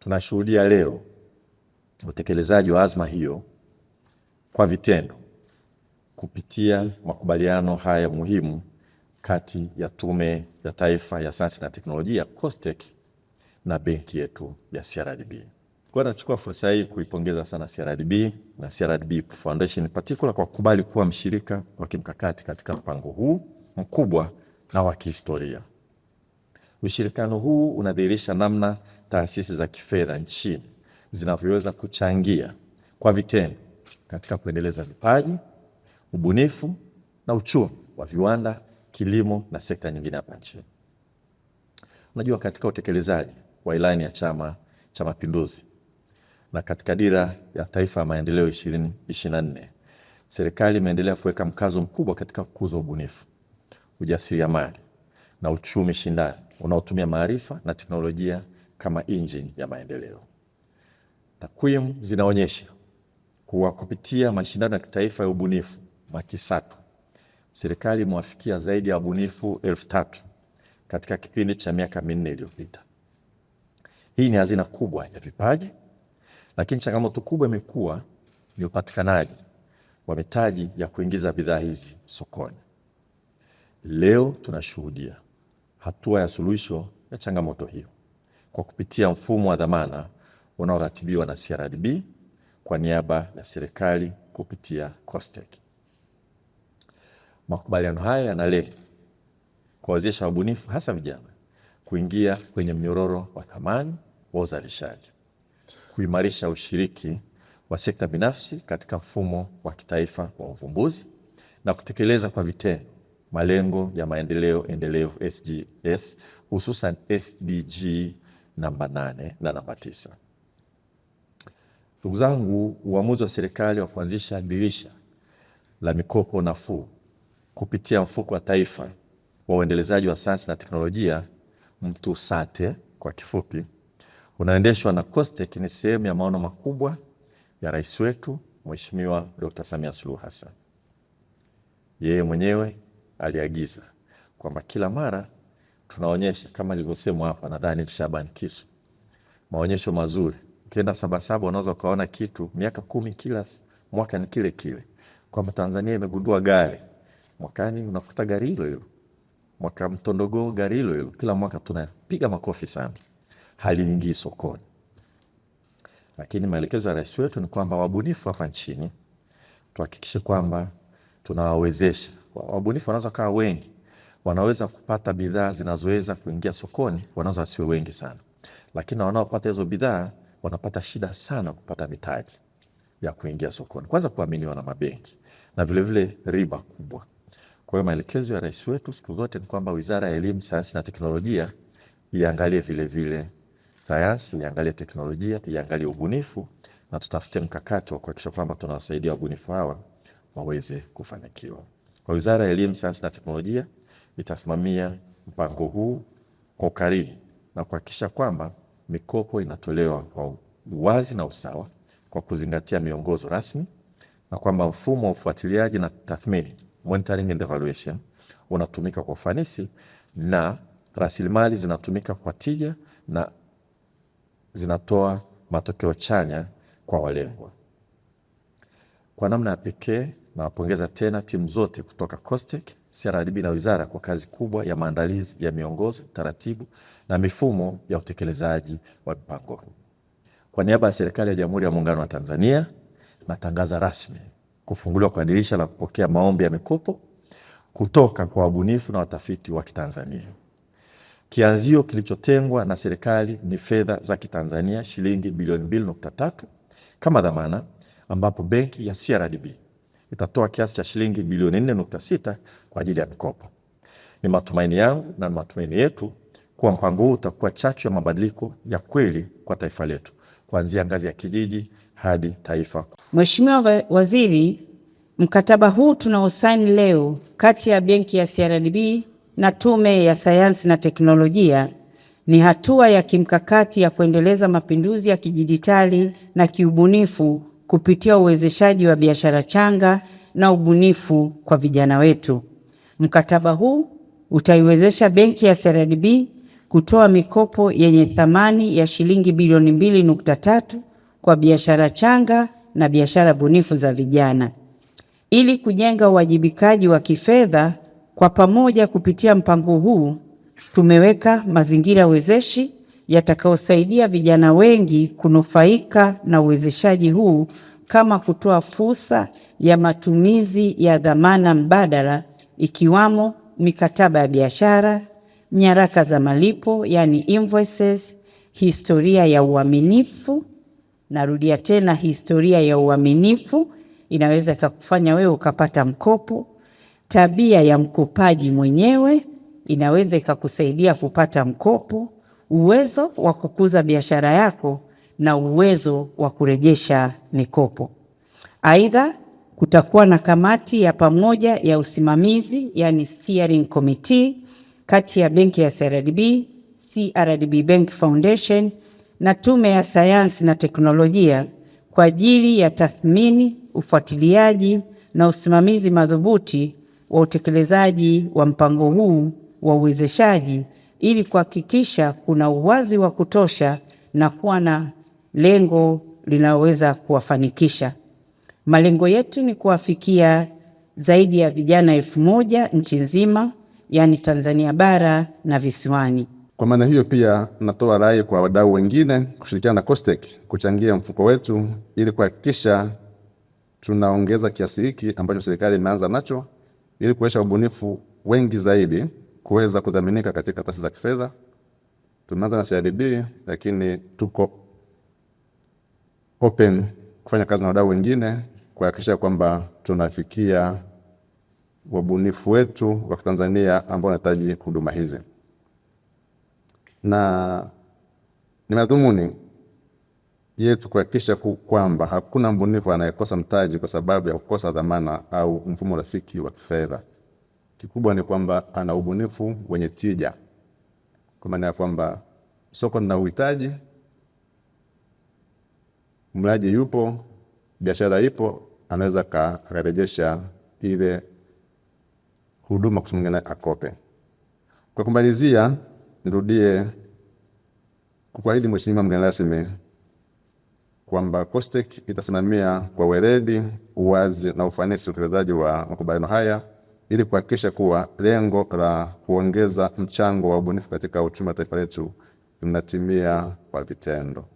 tunashuhudia leo utekelezaji wa azma hiyo kwa vitendo kupitia makubaliano haya muhimu kati ya Tume ya Taifa ya Sayansi na Teknolojia COSTECH na benki yetu ya CRDB. Kwa nachukua fursa hii kuipongeza sana CRDB na CRDB Foundation particular kwa kukubali kuwa mshirika wa kimkakati katika mpango huu mkubwa na wa kihistoria. Ushirikiano huu unadhihirisha namna taasisi za kifedha nchini zinavyoweza kuchangia kwa vitendo katika kuendeleza vipaji, ubunifu na uchumi wa viwanda, kilimo na sekta nyingine hapa nchini. Unajua, katika utekelezaji wa ilani ya Chama cha Mapinduzi na katika Dira ya Taifa ya Maendeleo ishirini 4 serikali imeendelea kuweka mkazo mkubwa katika kukuza ubunifu, ujasiriamali na uchumi shindani unaotumia maarifa na teknolojia kama injini ya maendeleo. Takwimu zinaonyesha kuwa kupitia mashindano ya kitaifa ya ubunifu MAKISATU, serikali imewafikia zaidi ya wabunifu elfu tatu katika kipindi cha miaka minne iliyopita. Hii ni hazina kubwa ya vipaji, lakini changamoto kubwa imekuwa ni upatikanaji wa mitaji ya kuingiza bidhaa hizi sokoni. Leo tunashuhudia hatua ya suluhisho ya changamoto hiyo kwa kupitia mfumo wa dhamana unaoratibiwa na CRDB kwa niaba ya serikali kupitia COSTECH. Makubaliano haya yanalenga kuwawezesha wabunifu hasa vijana kuingia kwenye mnyororo wa thamani wa uzalishaji, kuimarisha ushiriki wa sekta binafsi katika mfumo wa kitaifa wa uvumbuzi na kutekeleza kwa vitendo malengo ya maendeleo endelevu SGS, hususan SDG namba nane na namba tisa. Ndugu zangu, uamuzi wa serikali wa kuanzisha dirisha la mikopo nafuu kupitia mfuko wa taifa wa uendelezaji wa sayansi na teknolojia mtu sate kwa kifupi, unaendeshwa na COSTECH ni sehemu ya maono makubwa ya rais wetu Mheshimiwa Dr. Samia Suluhu Hassan, yeye mwenyewe aliagiza kwamba kila mara tunaonyesha kama ilivyosemwa hapa na Daniel Shaban Kisu, maonyesho mazuri. Ukienda Sabasaba unaweza ukaona kitu miaka kumi, kila mwaka ni kile kile, kwamba Tanzania imegundua gari, mwakani unakuta gari hilo hilo, mwaka mtondogo gari hilo hilo, kila mwaka tunapiga makofi sana, haliingii sokoni. Lakini maelekezo ya rais wetu ni kwamba wabunifu hapa nchini tuhakikishe kwamba tunawawezesha wabunifu wanaweza kaa wengi, wanaweza kupata bidhaa zinazoweza kuingia sokoni, wanaweza wasiwe wengi sana, lakini wanaopata hizo bidhaa wanapata shida sana kupata mitaji ya kuingia sokoni, kwanza kuaminiwa na mabenki na vilevile vile riba kubwa. Kwa hiyo maelekezo ya rais wetu siku zote ni kwamba Wizara ya Elimu, Sayansi na Teknolojia iangalie vilevile sayansi, iangalie teknolojia, iangalie ubunifu na tutafute mkakati wa kuhakikisha kwamba tunawasaidia wabunifu hawa waweze kufanikiwa. Wizara ya Elimu, Sayansi na Teknolojia itasimamia mpango huu kwa ukaribu na kuhakikisha kwamba mikopo inatolewa kwa uwazi na usawa kwa kuzingatia miongozo rasmi na kwamba mfumo wa ufuatiliaji na tathmini, monitoring and evaluation, unatumika kwa ufanisi na rasilimali zinatumika kwa tija na zinatoa matokeo chanya kwa walengwa. Kwa namna ya pekee Nawapongeza tena timu zote kutoka COSTECH, CRDB na wizara kwa kazi kubwa ya maandalizi ya miongozo, taratibu na mifumo ya utekelezaji wa mpango huu. Kwa niaba ya serikali ya Jamhuri ya Muungano wa Tanzania, natangaza rasmi kufunguliwa kwa dirisha la kupokea maombi ya mikopo kutoka kwa wabunifu na watafiti wa Kitanzania. Kianzio kilichotengwa na serikali ni fedha za Kitanzania shilingi bilioni 2.3 kama dhamana, ambapo benki ya CRDB itatoa kiasi cha shilingi bilioni 4.6 kwa ajili ya mikopo. Ni matumaini yangu na matumaini yetu kuwa mpango huu utakuwa chachu ya mabadiliko ya kweli kwa taifa letu kuanzia ngazi ya kijiji hadi taifa. Mheshimiwa Waziri, mkataba huu tunaosaini leo kati ya benki ya CRDB na Tume ya Sayansi na Teknolojia ni hatua ya kimkakati ya kuendeleza mapinduzi ya kidijitali na kiubunifu kupitia uwezeshaji wa biashara changa na ubunifu kwa vijana wetu. Mkataba huu utaiwezesha benki ya CRDB kutoa mikopo yenye thamani ya shilingi bilioni mbili nukta tatu kwa biashara changa na biashara bunifu za vijana ili kujenga uwajibikaji wa kifedha. Kwa pamoja, kupitia mpango huu tumeweka mazingira wezeshi yatakayosaidia vijana wengi kunufaika na uwezeshaji huu kama kutoa fursa ya matumizi ya dhamana mbadala ikiwamo mikataba ya biashara, nyaraka za malipo yani invoices, historia ya uaminifu. Narudia tena, historia ya uaminifu inaweza ikakufanya wewe ukapata mkopo. Tabia ya mkopaji mwenyewe inaweza ikakusaidia kupata mkopo uwezo wa kukuza biashara yako na uwezo wa kurejesha mikopo. Aidha, kutakuwa na kamati ya pamoja ya usimamizi, yani steering committee, kati ya benki ya CRDB, CRDB Bank Foundation na tume ya sayansi na teknolojia kwa ajili ya tathmini, ufuatiliaji na usimamizi madhubuti wa utekelezaji wa mpango huu wa uwezeshaji ili kuhakikisha kuna uwazi wa kutosha na kuwa na lengo linaloweza kuwafanikisha. Malengo yetu ni kuwafikia zaidi ya vijana elfu moja nchi nzima, yaani Tanzania bara na visiwani. Kwa maana hiyo, pia natoa rai kwa wadau wengine kushirikiana na COSTECH kuchangia mfuko wetu ili kuhakikisha tunaongeza kiasi hiki ambacho serikali imeanza nacho ili kuwezesha ubunifu wengi zaidi kuweza kudhaminika katika taasisi za kifedha. Tumeanza na CRDB, lakini tuko open kufanya kazi na wadau wengine kuhakikisha kwamba tunafikia wabunifu wetu wa Tanzania ambao wanahitaji huduma hizi, na ni madhumuni yetu kuhakikisha kwamba hakuna mbunifu anayekosa mtaji kwa sababu ya kukosa dhamana au mfumo rafiki wa kifedha. Kikubwa ni kwamba ana ubunifu wenye tija, kwa maana ya kwamba soko lina uhitaji, mlaji yupo, biashara ipo, anaweza akarejesha ile huduma mwingine akope. Kwa kumalizia, nirudie kukuahidi Mheshimiwa mgeni rasmi kwamba COSTECH itasimamia kwa weledi, uwazi na ufanisi utekelezaji wa makubaliano haya ili kuhakikisha kuwa lengo la kuongeza mchango wa ubunifu katika uchumi wa taifa letu linatimia kwa vitendo.